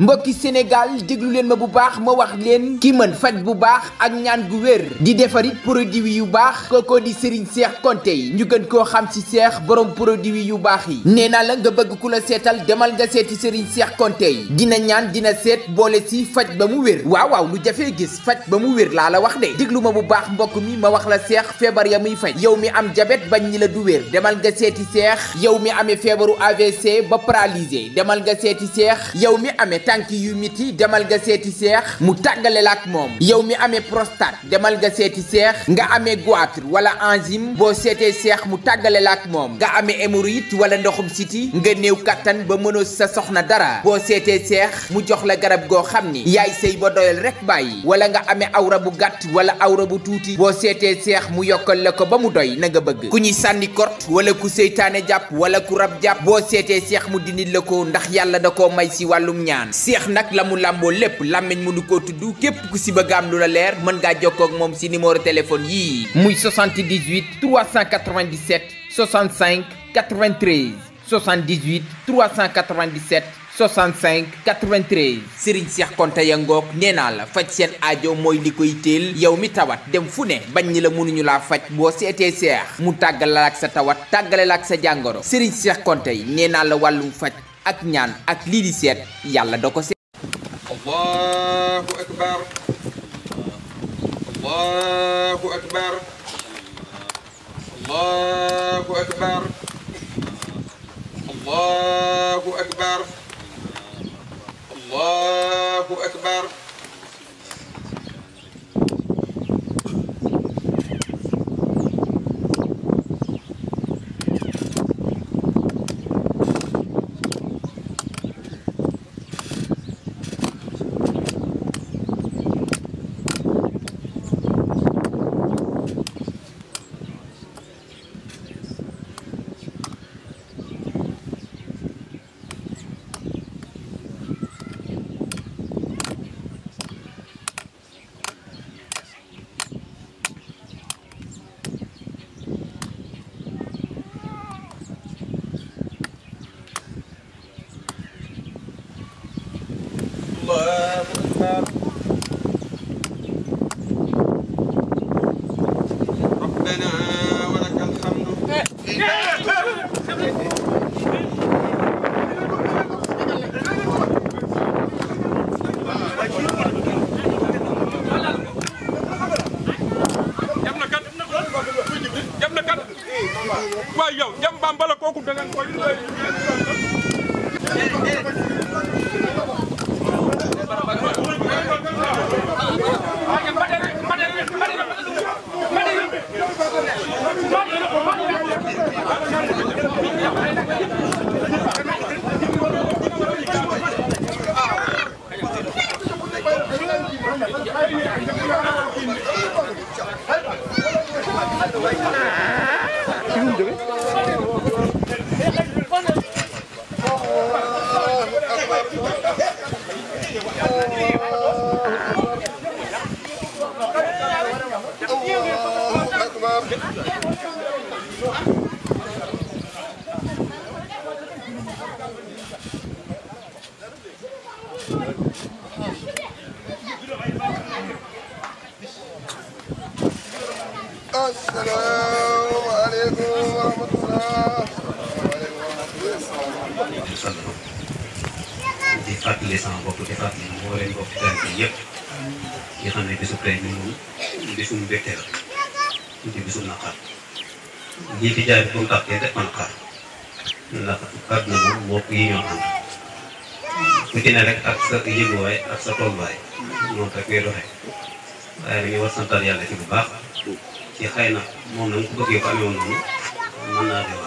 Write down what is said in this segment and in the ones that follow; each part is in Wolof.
mbokki Sénégal déglu leen ma bu baax ma wax leen ki mën faj bu baax ak ñaan gu wér di defarit produit yu baax kookoo di Serigne Cheikh Konté ñu gën koo xam ci Cheikh borom produit yu baax yi nee naa la nga bëgg ku la seetal demal nga seeti Serigne Cheikh Konté yi ñaan dina seet boole si faj ba mu wér waaw waaw lu gis faj ba mu wér laa la wax de déglu ma bu baax mbokk mi ma wax la Cheikh feebar ya muy faj yow mi am jabet bañ ñi la du wér demal nga seeti Cheikh yow mi amee feebaru AVC ba paralysé demal nga seeti Cheikh yow mi amee tànk yu miti demal nga seeti seex mu tàggale la ak moom yow mi amee prostate demal nga seeti seex nga amee goitre wala enzyme boo seetee seex mu tàggale la ak moom nga amee hémorroïde wala ndoxum siti nga néew kattan ba mënoo sa soxna dara boo seetee seex mu jox la garab goo xam ni yaay sëy ba doyal rek bàyyi wala nga amee awra bu gàtt wala awra bu tuuti boo seetee seex mu yokkal la ko ba mu doy na nga bëgg ku ñuy sànni kort wala ku seytaane jàpp wala ku rab jàpp boo seetee seex mu dindi la ko ndax yàlla da koo may si wàllum ñaan seex nag la mu làmboo lépp làmmiñ mënu koo tudd képp ku si bëgg am lu la leer mën ngaa jokkoo moom si numéro téléphone yii. muy 78 397 65 93 78 397. 65 93 Serigne Cheikh Konte ya ngoog nee naa la faj seen aajo mooy li koy téel yow mi tawat dem fu ne bañ ñi la mënuñu laa faj boo seetee seex mu tàggale la ak sa tawat tàggale la ak sa jàngoro Serigne Cheikh Konte yi nee naa la wàllum faj ak ñaan ak lii di seet yàlla da ko seet allahu akbar Thank you. bopp di sant di fàttali sama bopp di fàttali mbooleem bopp tey bi yëpp xam ne bisu tey bi moom bisu mbégte la ci bisu naqar ñii fi mu tàkkee def man xar ndax àdduna moom mbokk yi ñoo ku ci rek ak sa yënguwaay ak sa tolluwaay noonu rek ngay doxee waaye dañuy war santal yàlla ci bu baax ci xëy na moom nag ku bëggee ko amee woon noonu mën naa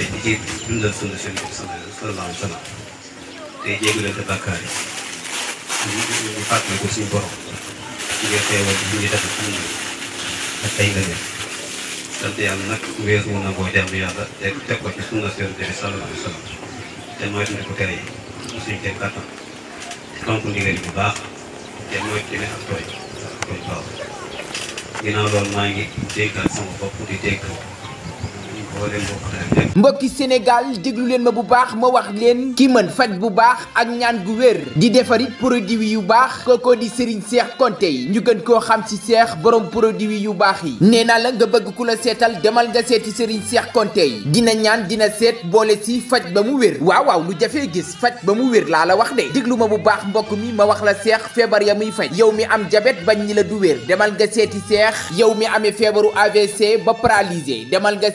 te di ci dundal sunna seen bopp sallallahu alayhi wa sallam tey jégalante bàkkaar yi ñu ñu fàttali ko suñu borom ci nga xeewal bi ñu def ci ñun ak tey nga def sant yàlla nag weesu wu na boo jàmm yàlla te teg ko ci sunna seen bopp sallallahu alayhi wa sallam te moytu ne ko tere yi suñu kenn kàttan tontu ndigal bu baax te moytu ci ne ak tooy tooy baax ginnaaw loolu maa ngi déggal sama bopp di dégg mbokki Sénégal déglu leen ma bu baax ma wax leen ki mën faj bu baax ak ñaan gu wér di defarit produit yu baax kookoo di Serigne Cheikh Konte yi ñu gën koo xam ci Cheikh borom produit yu baax yi nee naa la nga bëgg ku la seetal demal nga seeti Serigne Cheikh Konte yi dina ñaan dina seet boole ci faj ba mu wér waaw waaw lu jafee gis faj ba mu wér laa la wax de déglu ma bu baax mbokk mi ma wax la seex feebar ya muy faj yow mi am jabet bañ ñi la du wér demal nga seeti yow mi amee feebaru AVC ba paralysé demal nga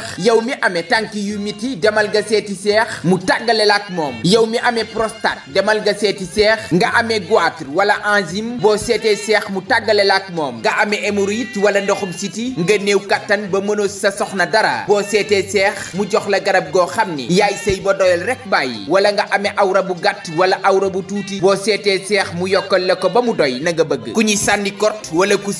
seex yow mi amee tànk yu miti demal nga seeti seex mu tàggale la ak moom yow mi amee prostate demal nga seeti seex nga amee goitre wala enzyme boo seetee seex mu tàggale la ak moom nga amee hémorroïde wala ndoxum siti nga néew kattan ba mënoo sa soxna dara boo seetee seex mu jox la garab goo xam ni yaay sëy ba doyal rek bàyyi wala nga amee awra bu gàtt wala awra bu tuuti boo seetee seex mu yokkal la ko ba mu doy na nga bëgg ku ñuy sànni kort wala ku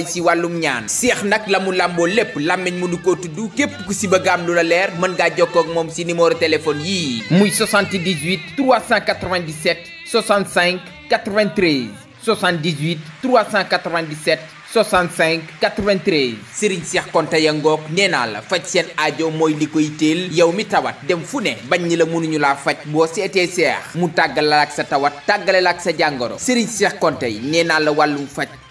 may si wàllum ñaan seex nag la mu làmboo lépp làmmiñ mënu koo tudd képp ku si bëgg am lu leer mën ngaa jokkoo ak moom si numéro téléphone yii muy 78 397 65 93 78 397 65 93 Serigne Cheikh Konte ya ngoog nee naa la faj seen aajo mooy li koy téel yow mi tawat dem fu ne bañ ñi la mënuñu laa faj boo seetee seex mu tàggale la ak sa tawat tàggale la ak sa jàngoro Serigne Cheikh Konte yi nee naa la wàllum faj